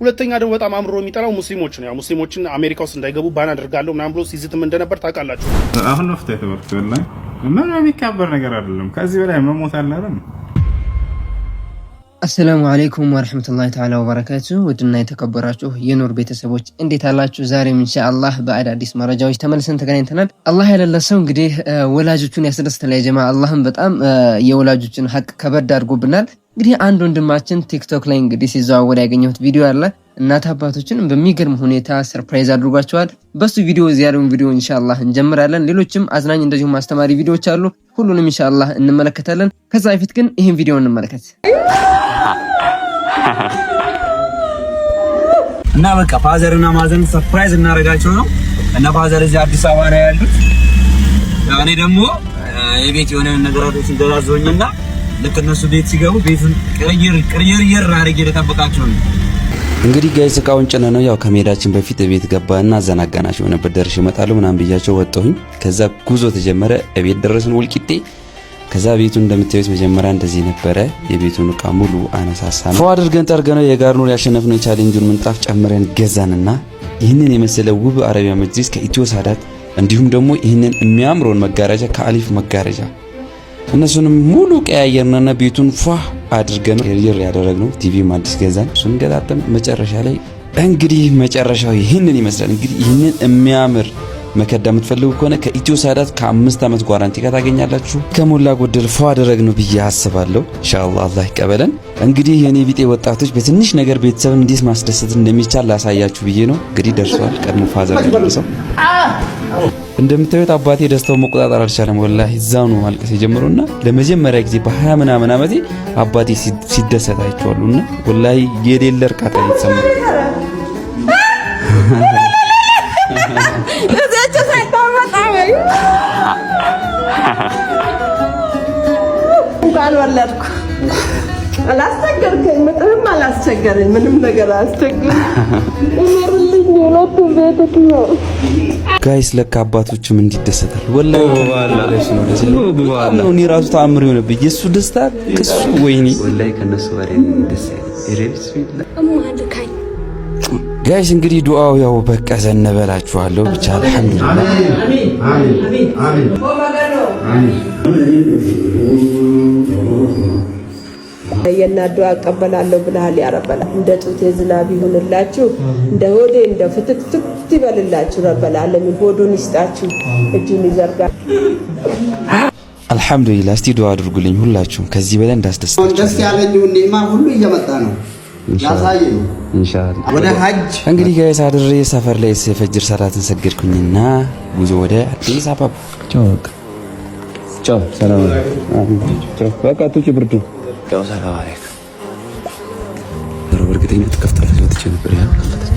ሁለተኛ ደግሞ በጣም አምሮ የሚጠላው ሙስሊሞች ነው። ያው ሙስሊሞችን አሜሪካ ውስጥ እንዳይገቡ ባን አድርጋለሁ ምናምን ብሎ ሲዝትም እንደነበር ታውቃላችሁ። አሁን ፍታ የተበርት ላይ ምን የሚካበር ነገር አይደለም። ከዚህ በላይ መሞት አለ አይደል? አሰላሙ አለይኩም ወረህመቱላሂ ተዓላ ወበረካቱ። ውድና የተከበራችሁ የኑር ቤተሰቦች እንዴት አላችሁ? ዛሬም ኢንሻአላህ በአዳዲስ መረጃዎች ተመልሰን ተገናኝተናል። አላህ ያለለሰው እንግዲህ ወላጆቹን ያስደስታል። ጀማ አላህም በጣም የወላጆችን ሀቅ ከበድ አድርጎብናል። እንግዲህ አንድ ወንድማችን ቲክቶክ ላይ እንግዲህ ሲዘዋወር ያገኘሁት ቪዲዮ አለ እናት አባቶችን በሚገርም ሁኔታ ሰርፕራይዝ አድርጓቸዋል። በሱ ቪዲዮ ዚያደውን ቪዲዮ እንሻላ እንጀምራለን። ሌሎችም አዝናኝ እንደዚሁም አስተማሪ ቪዲዮዎች አሉ። ሁሉንም እንሻላ እንመለከታለን። ከዛ በፊት ግን ይህን ቪዲዮ እንመለከት እና በቃ ፋዘር እና ማዘን ሰርፕራይዝ እናደርጋቸው ነው። እና ፋዘር እዚህ አዲስ አበባ ነው ያሉት። እኔ ደግሞ የቤት የሆነ ነገራቶችን ደራዞኝና ልክ እነሱ ቤት ሲገቡ ቤቱን ቅርይር ቅርይር አድርጌ ልጠብቃቸው ነው እንግዲህ ጋይስ እቃውን ጭነ ነው ያው ከመሄዳችን በፊት እቤት ገባና አዘናጋናቸው ነበር። ደርሼ እመጣለሁ ምናምን ብያቸው ወጣሁኝ። ከዛ ጉዞ ተጀመረ። እቤት ደረስን ውልቂጤ። ከዛ ቤቱ እንደምታዩት መጀመሪያ እንደዚህ ነበረ። የቤቱን እቃ ሙሉ አነሳሳ ነው ፎ አድርገን ኑር ያሸነፍ ነው የቻሌንጁን ምንጣፍ ጨምረን ገዛንና ይህንን የመሰለ ውብ አረቢያ መጅሊስ ከኢትዮ ሳዳት እንዲሁም ደግሞ ይህንን የሚያምረውን መጋረጃ ከአሊፍ መጋረጃ እነሱንም ሙሉ ቀያየርንና ቤቱን ፏ አድርገን ሪር ያደረግነው ቲቪም አዲስ ገዛን። ስንገጣጠም መጨረሻ ላይ እንግዲህ መጨረሻው ይህንን ይመስላል። እንግዲህ ይህንን የሚያምር መከዳ የምትፈልጉ ከሆነ ከኢትዮ ሳዳት ከአምስት ዓመት ጓራንቲ ጋር ታገኛላችሁ። ከሞላ ጎደል ፎ አደረግ ነው ብዬ አስባለሁ። ኢንሻአላህ አላህ ይቀበለን። እንግዲህ የእኔ ቢጤ ወጣቶች በትንሽ ነገር ቤተሰብን እንዴት ማስደሰት እንደሚቻል ላሳያችሁ ብዬ ነው። እንግዲህ ደርሷል። ቀድሞ ፋዘር ደርሰው እንደምታዩት አባቴ ደስታውን መቆጣጠር አልቻለም። ወላ እዛው ነው ማልቀስ የጀመረውና ለመጀመሪያ ጊዜ በሀያ ምናምን ዓመቴ አባቴ ሲደሰት አይቼዋለሁና ወላ የሌለ እርካታ የተሰማ አላስቸገርከኝ፣ ምጥርም አላስቸገረኝ፣ ምንም ነገር አላስቸገረኝ። ጋይስ ለካ አባቶችም እንዲደሰታል። ወላሂ እኔ ራሱ ተአምር የሆነብኝ የእሱ ደስታ ክሱ ወይኔ ጋይስ እንግዲህ ዱዓው ያው በቃ ዘነበላችኋለሁ። ብቻ አልሐምዱሊላህ የናዶ አቀበላለሁ ብለሃል ያረበላ እንደ ጡቴ ዝናብ ይሁንላችሁ፣ እንደ ሆዴ እንደ ፍትክትክት ይበልላችሁ። ረበል ዓለሚን ሆዱን ይስጣችሁ፣ እጁን ይዘርጋ። አልሐምዱሊላ። እስቲ ዱዓ አድርጉልኝ ሁላችሁም ከዚህ በላይ እንዳስደስታችሁ። ደስ ያለኝው ኒዕማ ሁሉ እየመጣ ነው ያሳይ ኢንሻአላህ። ወደ ሀጅ እንግዲህ ጋይስ አድሬ ሰፈር ላይ የፈጅር ሰላትን ሰገድኩኝና ጉዞ ወደ አዲስ አበባ ቻው ቻው። ሰላም አለይኩም። በቃ ብርዱ ያው ሰላም አለይኩም። በእርግጠኝነት ከፍታለች። መጥቼ ነበር ያ ከፈተች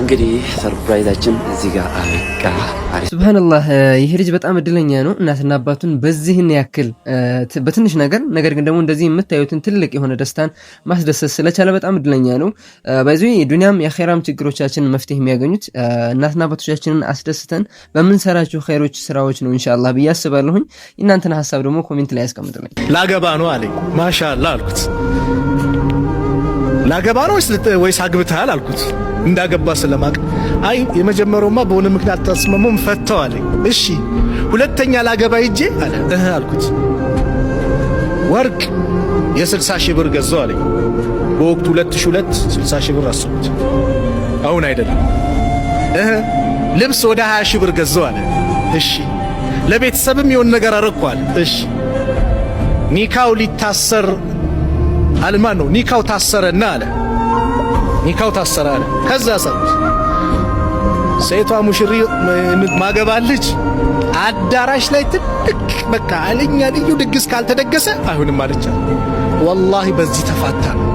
እንግዲህ ሰርፕራይዛችን እዚህ ጋር አበቃ። ሱብሃነላህ ይሄ ልጅ በጣም እድለኛ ነው። እናትና አባቱን በዚህን ያክል በትንሽ ነገር ነገር ግን ደግሞ እንደዚህ የምታዩትን ትልቅ የሆነ ደስታን ማስደሰት ስለቻለ በጣም እድለኛ ነው። በዚ የዱንያም የአኼራም ችግሮቻችንን መፍትሄ የሚያገኙት እናትና አባቶቻችንን አስደስተን በምንሰራቸው ኸይሮች ስራዎች ነው እንሻላ ብዬ አስባለሁኝ። እናንተን ሀሳብ ደግሞ ኮሜንት ላይ ያስቀምጥልኝ። ላገባ ነው አለኝ። ማሻላ አልኩት። ላገባ ነው ወይስ አግብተሃል አልኩት። እንዳገባ ስለማቅ አይ የመጀመሪያውማ በሆነ ምክንያት ተስማሙም ፈተው አለ። እሺ ሁለተኛ ላገባ ሂጄ አለ እህ አልኩት። ወርቅ የስልሳ ሺህ ብር ገዛው አለኝ። በወቅቱ 2002 60 ሺህ ብር አስቡት፣ አሁን አይደለም። እህ ልብስ ወደ 20 ሺህ ብር ገዛው አለ። እሺ ለቤተሰብም የሆን ነገር አረኳል። እሺ ኒካው ሊታሰር አልማን ነው ኒካው ታሰረና አለ ኒካው ታሰረ አለ። ከዛ ሰሩት ሴቷ ሙሽሪ ማገባል ልጅ አዳራሽ ላይ ትልቅ በቃ አለኛ ልዩ ድግስ ካልተደገሰ አይሁንም አለች። ወላሂ በዚህ ተፋታ ነው።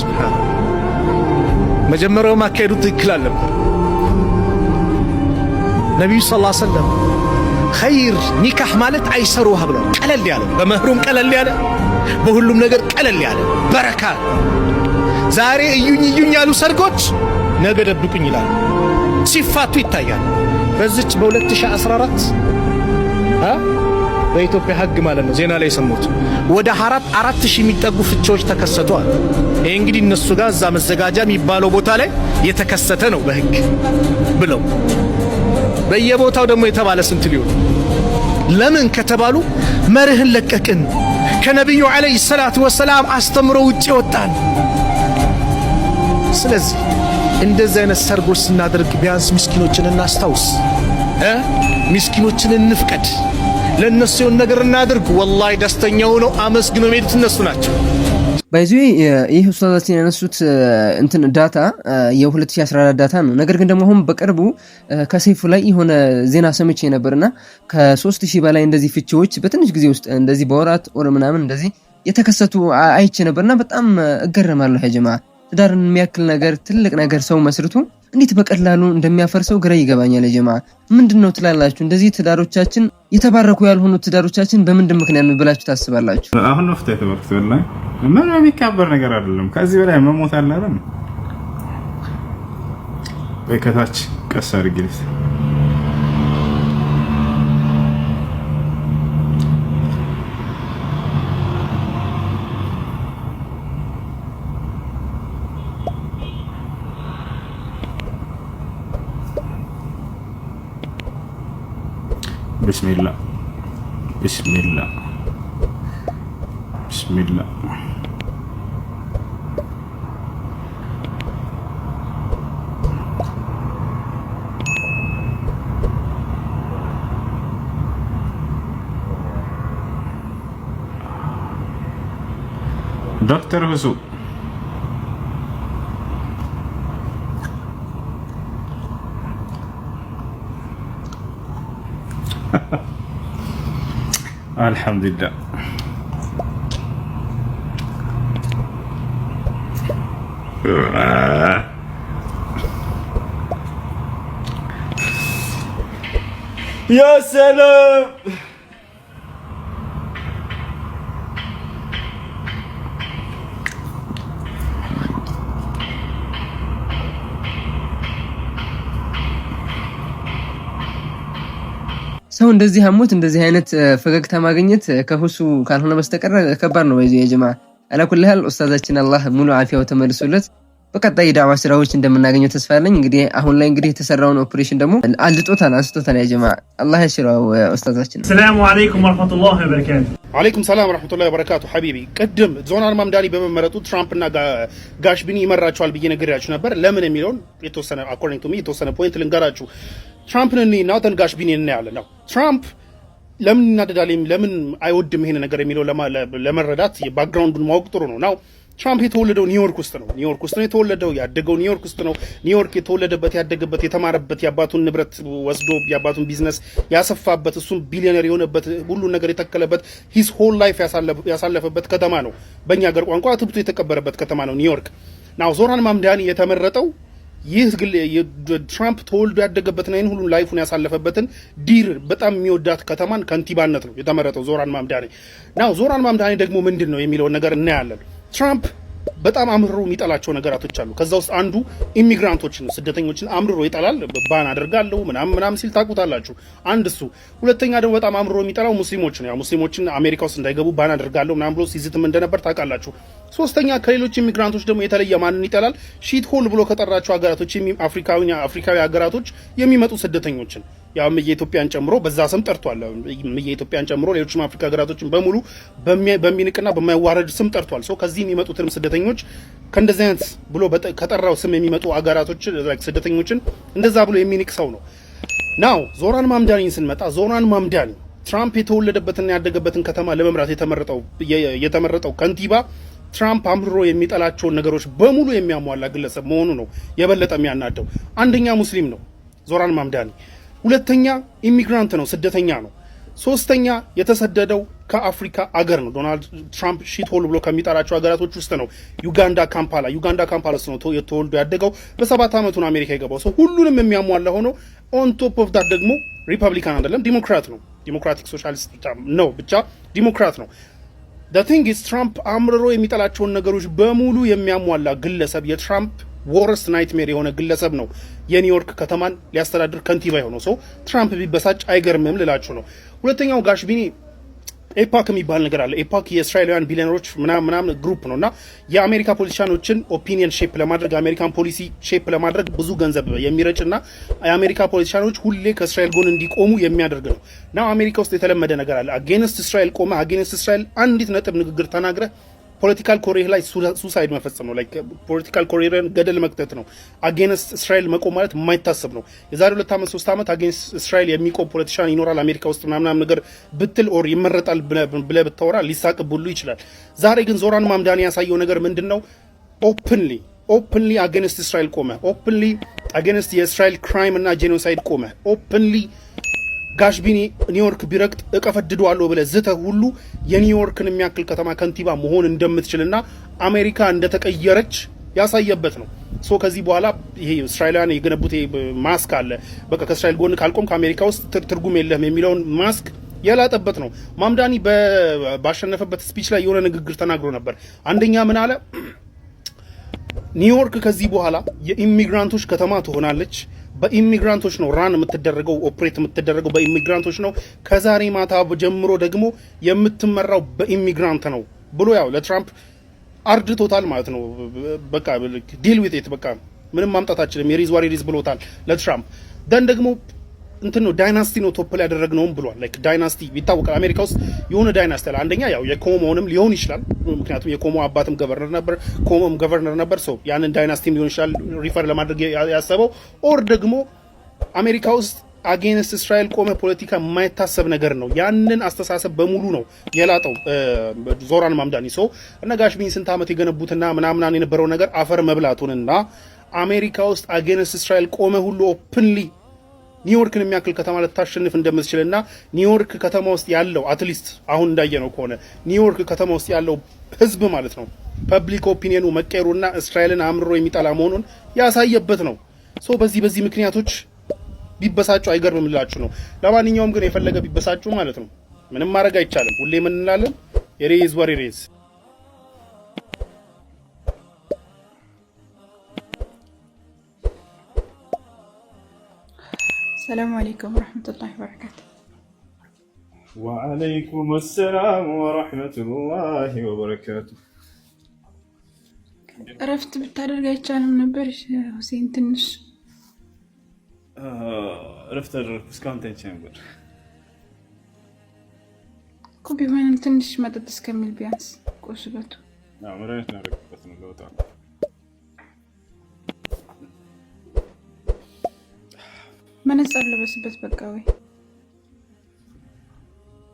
ሱብሃን መጀመሪያውም አካሄዱ ትክክል አልነበር። ነቢዩ ስ ላ ሰለም ኸይር ኒካህ ማለት አይሰሩህ ብለው ቀለል ያለ በመህሩም ቀለል ያለ በሁሉም ነገር ቀለል ያለ በረካ። ዛሬ እዩኝ እዩኝ ያሉ ሰርጎች ነገ ደብቁኝ ይላሉ፣ ሲፋቱ ይታያል። በዚች በ2014 በኢትዮጵያ ሕግ ማለት ነው። ዜና ላይ የሰሙት ወደ አራት አራት ሺህ የሚጠጉ ፍቺዎች ተከሰተዋል። ይህ እንግዲህ እነሱ ጋር እዛ መዘጋጃ የሚባለው ቦታ ላይ የተከሰተ ነው በሕግ ብለው በየቦታው ደግሞ የተባለ ስንት ሊሆን ለምን ከተባሉ መርህን ለቀቅን ከነቢዩ ዓለይሂ ሰላቱ ወሰላም አስተምሮ ውጭ ወጣን። ስለዚህ እንደዚህ አይነት ሰርጎች ስናደርግ ቢያንስ ምስኪኖችን እናስታውስ፣ ምስኪኖችን እንፍቀድ፣ ለእነሱ የሆነ ነገር እናድርግ ወላሂ ደስተኛ ሆነው አመስግነው የሚሄዱት እነሱ ናቸው። ባይዚ eh, ይህ ውስታዛችን ያነሱት eh, እንትን ዳታ eh, የ2014 ዳታ ነው። ነገር ግን ደግሞ አሁን በቅርቡ ከሰይፉ ላይ የሆነ ዜና ሰምቼ ነበርና ከሶስት ሺህ በላይ እንደዚህ ፍቺዎች በትንሽ ጊዜ ውስጥ እንደዚህ በወራት ወር ምናምን እንደዚህ የተከሰቱ አይቼ ነበርና በጣም እገረማለሁ። ጀማ ትዳርን የሚያክል ነገር ትልቅ ነገር ሰው መስርቱ እንዴት በቀላሉ እንደሚያፈርሰው ግራ ይገባኛል። የጀማ ምንድን ነው ትላላችሁ? እንደዚህ ትዳሮቻችን የተባረኩ ያልሆኑ ትዳሮቻችን በምንድን ምክንያት ነው ብላችሁ ታስባላችሁ? አሁን ነው ፍታ የተባርኩት። በላይ ምንም የሚካበር ነገር አይደለም። ከዚህ በላይ መሞት አለ አይደል? ወይ ከታች ቀስ አድርጊልት بسم الله بسم الله بسم الله دكتور هسوق الحمد لله يا سلام ሰው እንደዚህ አሞት እንደዚህ አይነት ፈገግታ ማግኘት ከሁሱ ካልሆነ በስተቀር ከባድ ነው። በዚህ የጀማ አላኩል ያህል ኡስታዛችን አላህ ሙሉ አፊያው ተመልሶለት በቀጣይ የዳዕዋ ስራዎች እንደምናገኘው ተስፋ አለኝ። እንግዲህ አሁን ላይ እንግዲህ የተሰራውን ኦፕሬሽን ደግሞ አልጦታል፣ አንስቶታል። ያጀማ አላህ ያሽራው ኡስታዛችን። ሰላሙ አለይኩም ወራህመቱላሂ ወበረካቱ። አለይኩም ሰላም ወራህመቱላሂ ወበረካቱ። ሐቢቢ ቅድም ዞናን ማምዳኒ በመመረጡ ትራምፕና ጋሽ ቢኒ ይመራቸዋል ብዬ ነገር ያችሁ ነበር። ለምን የሚለውን የተወሰነ አኮርዲንግ ቱ ሚ የተወሰነ ፖይንት ልንገራችሁ ትራምፕን እኔና ተንጋሽ ቢኒ እናያለን። ነው። ትራምፕ ለምን ይናደዳል፣ ለምን አይወድም ይሄን ነገር የሚለው ለመረዳት ባክግራውንዱን ማወቅ ጥሩ ነው ናው ትራምፕ የተወለደው ኒውዮርክ ውስጥ ነው። ኒውዮርክ ውስጥ ነው የተወለደው፣ ያደገው ኒውዮርክ ውስጥ ነው። ኒውዮርክ የተወለደበት፣ ያደገበት፣ የተማረበት፣ የአባቱን ንብረት ወስዶ የአባቱን ቢዝነስ ያሰፋበት፣ እሱም ቢሊዮነር የሆነበት፣ ሁሉን ነገር የተከለበት፣ ሂስ ሆል ላይፍ ያሳለፈበት ከተማ ነው። በእኛ ሀገር ቋንቋ ትብቶ የተቀበረበት ከተማ ነው ኒውዮርክ። ናው ዞራን ማምዳኒ የተመረጠው ይህ ትራምፕ ተወልዶ ያደገበትን ይህን ሁሉ ላይፉን ያሳለፈበትን ዲር በጣም የሚወዳት ከተማን ከንቲባነት ነው የተመረጠው ዞራን ማምዳኔ ናው ዞራን ማምዳኔ ደግሞ ምንድን ነው የሚለውን ነገር እናያለን ትራምፕ በጣም አምርሮ የሚጠላቸው ነገራቶች አሉ። ከዛ ውስጥ አንዱ ኢሚግራንቶችን ስደተኞችን አምርሮ ይጠላል። ባን አደርጋለሁ ምናምን ምናምን ሲል ታውቁታላችሁ። አንድ እሱ። ሁለተኛ ደግሞ በጣም አምርሮ የሚጠላው ሙስሊሞችን ያው ሙስሊሞችን አሜሪካ ውስጥ እንዳይገቡ ባን አደርጋለሁ ምናምን ብሎ ሲዝትም እንደነበር ታውቃላችሁ። ሶስተኛ ከሌሎች ኢሚግራንቶች ደግሞ የተለየ ማንን ይጠላል? ሺት ሆል ብሎ ከጠራቸው ሀገራቶች አፍሪካዊ ሀገራቶች የሚመጡ ስደተኞችን ያው እምዬ ኢትዮጵያን ጨምሮ በዛ ስም ጠርቷል። እምዬ ኢትዮጵያን ጨምሮ ሌሎችም አፍሪካ ሀገራቶችን በሙሉ በሚንቅና በማይዋረድ ስም ጠርቷል። ሰው ከዚህ የሚመጡትንም ስደተኞች ከእንደዚህ አይነት ብሎ ከጠራው ስም የሚመጡ አገራቶች ስደተኞችን እንደዛ ብሎ የሚንቅ ሰው ነው። ናው ዞራን ማምዳኒን ስንመጣ ዞራን ማምዳኒ ትራምፕ የተወለደበትና ያደገበትን ከተማ ለመምራት የተመረጠው ከንቲባ ትራምፕ አምርሮ የሚጠላቸውን ነገሮች በሙሉ የሚያሟላ ግለሰብ መሆኑ ነው የበለጠ የሚያናደው። አንደኛ ሙስሊም ነው ዞራን ማምዳኒ ሁለተኛ ኢሚግራንት ነው፣ ስደተኛ ነው። ሶስተኛ የተሰደደው ከአፍሪካ አገር ነው። ዶናልድ ትራምፕ ሺትሆል ብሎ ከሚጠራቸው ሀገራቶች ውስጥ ነው ዩጋንዳ ካምፓላ። ዩጋንዳ ካምፓላ ውስጥ ነው የተወልዶ ያደገው። በሰባት ዓመቱን አሜሪካ የገባው ሰው ሁሉንም የሚያሟላ ሆኖ ኦን ቶፕ ኦፍ ዳት ደግሞ ሪፐብሊካን አይደለም ዲሞክራት ነው። ዲሞክራቲክ ሶሻሊስት ነው፣ ብቻ ዲሞክራት ነው። ዘ ቲንግ ኢዝ ትራምፕ አምርሮ የሚጠላቸውን ነገሮች በሙሉ የሚያሟላ ግለሰብ የትራምፕ ወርስ ናይትሜር የሆነ ግለሰብ ነው የኒውዮርክ ከተማን ሊያስተዳድር ከንቲባ የሆነው ሰው። ትራምፕ ቢበሳጭ አይገርምም ልላችሁ ነው። ሁለተኛው ጋሽ ቢኒ ኤፓክ የሚባል ነገር አለ። ኤፓክ የእስራኤላውያን ቢሊዮነሮች ምናምን ምናምን ግሩፕ ነው እና የአሜሪካ ፖለቲሻኖችን ኦፒኒየን ሼፕ ለማድረግ የአሜሪካን ፖሊሲ ሼፕ ለማድረግ ብዙ ገንዘብ የሚረጭ እና የአሜሪካ ፖለቲሻኖች ሁሌ ከእስራኤል ጎን እንዲቆሙ የሚያደርግ ነው ና አሜሪካ ውስጥ የተለመደ ነገር አለ። አጌንስት እስራኤል ቆመ፣ አጌንስት እስራኤል አንዲት ነጥብ ንግግር ተናግረ ፖለቲካል ኮሪር ላይ ሱሳይድ መፈጸም ነው። ፖለቲካል ኮሪርን ገደል መክተት ነው። አጌንስት እስራኤል መቆም ማለት የማይታሰብ ነው። የዛሬ ሁለት ዓመት ሶስት ዓመት አጌንስት እስራኤል የሚቆም ፖለቲሻን ይኖራል አሜሪካ ውስጥ ምናምናም ነገር ብትል ኦር ይመረጣል ብለህ ብታወራ ሊሳቅብ ሁሉ ይችላል። ዛሬ ግን ዞራን ማምዳን ያሳየው ነገር ምንድን ነው? ኦፕንሊ ኦፕንሊ አጌንስት እስራኤል ቆመ። ኦፕንሊ አጌንስት የእስራኤል ክራይም እና ጄኖሳይድ ቆመ። ኦፕንሊ ጋሽቢኒ ኒውዮርክ ቢረግጥ እቀፈድደዋለሁ ብለህ ዝተህ ሁሉ የኒውዮርክን የሚያክል ከተማ ከንቲባ መሆን እንደምትችልና አሜሪካ እንደተቀየረች ያሳየበት ነው። ሶ ከዚህ በኋላ ይሄ እስራኤላውያን የገነቡት ማስክ አለ። በቃ ከእስራኤል ጎን ካልቆም ከአሜሪካ ውስጥ ትርጉም የለህም የሚለውን ማስክ የላጠበት ነው። ማምዳኒ ባሸነፈበት ስፒች ላይ የሆነ ንግግር ተናግሮ ነበር። አንደኛ ምን አለ? ኒውዮርክ ከዚህ በኋላ የኢሚግራንቶች ከተማ ትሆናለች። በኢሚግራንቶች ነው ራን የምትደረገው፣ ኦፕሬት የምትደረገው በኢሚግራንቶች ነው። ከዛሬ ማታ ጀምሮ ደግሞ የምትመራው በኢሚግራንት ነው ብሎ ያው ለትራምፕ አርድቶታል ማለት ነው። በቃ ዲል ዊት ኢት በቃ ምንም ማምጣት አችልም የሪዝ ዋር ሪዝ ብሎታል ለትራምፕ ደን ደግሞ እንትን ነው ዳይናስቲ ነው ቶፕ ላይ ያደረግነውም ብሏል። ላይክ ዳይናስቲ ይታወቃል አሜሪካ ውስጥ የሆነ ዳይናስቲ አለ። አንደኛ ያው የኮሞንም ሊሆን ይችላል፣ ምክንያቱም የኮሞ አባትም ገቨርነር ነበር፣ ኮሞም ገቨርነር ነበር። ሰው ያንን ዳይናስቲም ሊሆን ይችላል ሪፈር ለማድረግ ያሰበው ኦር ደግሞ አሜሪካ ውስጥ አጌንስት እስራኤል ቆመ ፖለቲካ የማይታሰብ ነገር ነው። ያንን አስተሳሰብ በሙሉ ነው የላጠው ዞራን ማምዳኒ ሰው እና ጋሽ ቢን ስንት ዓመት የገነቡትና ምናምናን የነበረው ነገር አፈር መብላቱንና አሜሪካ ውስጥ አጌንስት እስራኤል ቆመ ሁሉ ኦፕንሊ ኒውዮርክን የሚያክል ከተማ ልታሸንፍ እንደምትችልና ኒውዮርክ ከተማ ውስጥ ያለው አትሊስት አሁን እንዳየነው ከሆነ ኒውዮርክ ከተማ ውስጥ ያለው ህዝብ ማለት ነው ፐብሊክ ኦፒኒየኑ መቀየሩና እስራኤልን አምርሮ የሚጠላ መሆኑን ያሳየበት ነው። ሶ በዚህ በዚህ ምክንያቶች ቢበሳጩ አይገርምም ላችሁ ነው። ለማንኛውም ግን የፈለገ ቢበሳጩ ማለት ነው ምንም ማድረግ አይቻልም። ሁሌ ምን እንላለን? ኢት ኢዝ السلام عليكم ورحمة الله وبركاته وعليكم السلام ورحمة الله وبركاته عرفت بالتعرير قاعد من نبرش حسين تنش آه، عرفت بسكان تنش نقول كوبي وين تنش ما تتسكمل بيانس كوشبته نعم رأيت نعرف بس نقول መነጽር ልበስበት። በቃ ወይ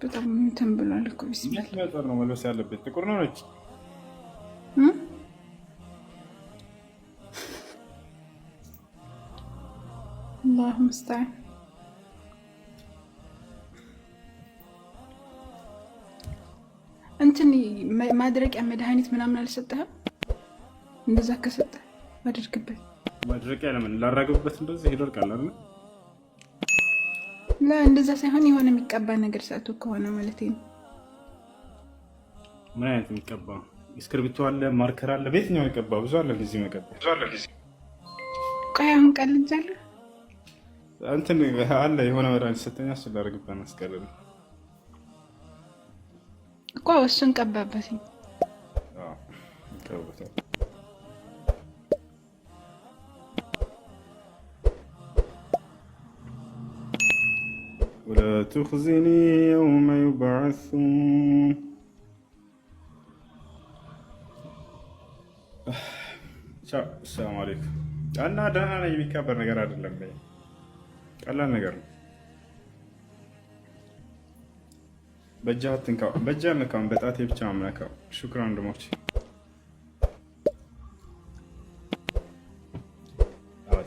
በጣም እንትን ብሏል እኮ ቢስሚላህ። ነው መልበስ ያለበት። ጥቁር ነው ነች? አላሁ ሙስተዓን። እንትን ማድረቂያ መድኃኒት ምናምን አልሰጠህም? እንደዛ ከሰጠህ ማድረግበት ማድረቂያ ለምን ላራግብበት? እንደዚህ ይደርቃል አይደል? ላ እንደዛ ሳይሆን የሆነ የሚቀባ ነገር ሰቶ ከሆነ ማለት ነው። ምን አይነት የሚቀባ እስክርቢቶ አለ፣ ማርከር አለ፣ በየትኛው የሚቀባ? ብዙ አለ። እንደዚህ መቀባ ቆይ አሁን ቀልጃለ እንትን አለ የሆነ መድኃኒት ሰጠኛ እሱ ላደርግበት አስቀልል እኮ እሱን ቀባበት ቀባበት لا تخزني يوم يبعثون ቻው ሰላም እና ደህና ነኝ። የሚካበር ነገር አይደለም፣ ቀላል ነገር ነው። በእጅ አትንካው፣ በእጅ አልነካውም፣ በጣቴ ብቻ አምነካው። ሹክራን ወንድሞች፣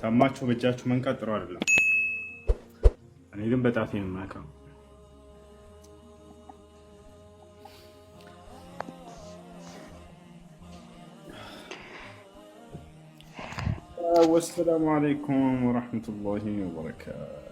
ታማችሁ በእጃችሁ መንካት ጥሩ አይደለም። እኔ ግን በጣቴ ነው የማውቀው። ወሰላሙ አለይኩም ወረሕመቱላሂ ወበረካቱ